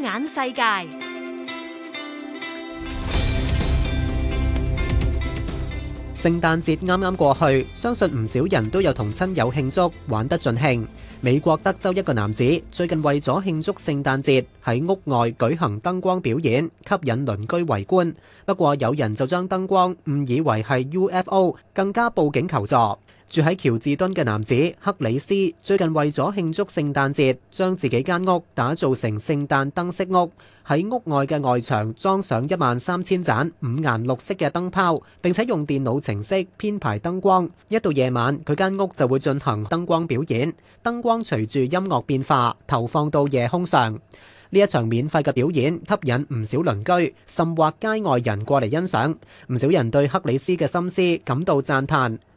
眼世界。聖誕節啱啱過去，相信唔少人都有同親友慶祝，玩得盡興。美國德州一個男子最近為咗慶祝聖誕節，喺屋外舉行燈光表演，吸引鄰居圍觀。不過有人就將燈光誤以為係 UFO，更加報警求助。住喺喬治敦嘅男子克里斯最近為咗慶祝聖誕節，將自己間屋打造成聖誕燈飾屋，喺屋外嘅外牆裝上一萬三千盞五顏六色嘅燈泡，並且用電腦程式編排燈光。一到夜晚，佢間屋就會進行燈光表演，燈光隨住音樂變化，投放到夜空上。呢一場免費嘅表演吸引唔少鄰居，甚或街外人過嚟欣賞。唔少人對克里斯嘅心思感到讚嘆。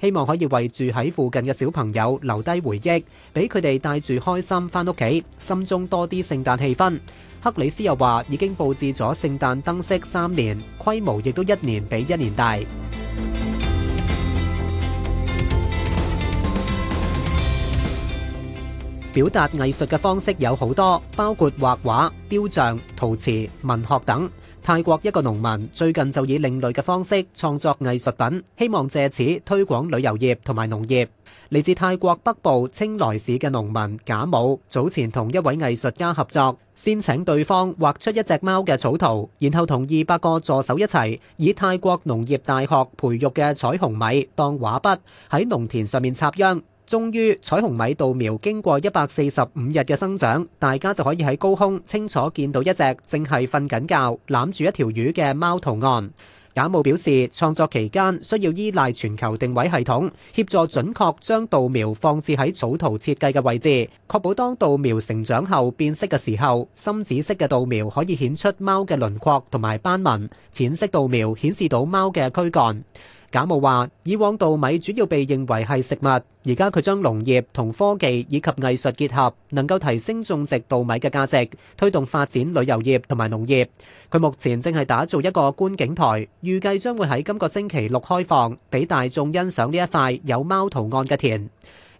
希望可以為住喺附近嘅小朋友留低回憶，俾佢哋帶住開心返屋企，心中多啲聖誕氣氛。克里斯又話已經布置咗聖誕燈飾三年，規模亦都一年比一年大。表達藝術嘅方式有好多，包括畫畫、雕像、陶瓷、文學等。泰國一個農民最近就以另類嘅方式創作藝術品，希望借此推廣旅遊業同埋農業。嚟自泰國北部清萊市嘅農民賈母早前同一位藝術家合作，先請對方畫出一隻貓嘅草圖，然後同二百個助手一齊，以泰國農業大學培育嘅彩虹米當畫筆，喺農田上面插秧。終於，終於彩虹米稻苗經過一百四十五日嘅生長，大家就可以喺高空清楚見到一隻正係瞓緊覺攬住一條魚嘅貓圖案。雅務表示，創作期間需要依賴全球定位系統協助，準確將稻苗放置喺草圖設計嘅位置，確保當稻苗成長後變色嘅時候，深紫色嘅稻苗可以顯出貓嘅輪廓同埋斑紋，淺色稻苗顯示到貓嘅軀幹。賈武話：以往稻米主要被認為係食物，而家佢將農業同科技以及藝術結合，能夠提升種植稻米嘅價值，推動發展旅遊業同埋農業。佢目前正係打造一個觀景台，預計將會喺今個星期六開放俾大眾欣賞呢一塊有貓圖案嘅田。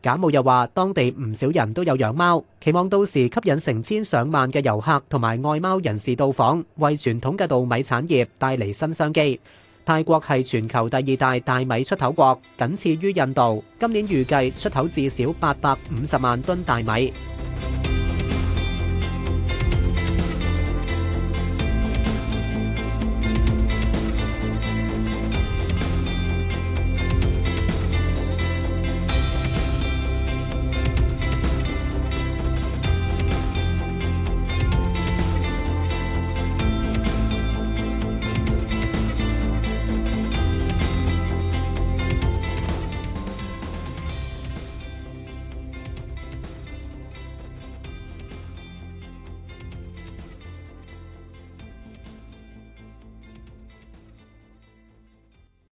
賈武又話：當地唔少人都有養貓，期望到時吸引成千上萬嘅遊客同埋愛貓人士到訪，為傳統嘅稻米產業帶嚟新商機。泰國係全球第二大大米出口國，僅次於印度。今年預計出口至少八百五十萬噸大米。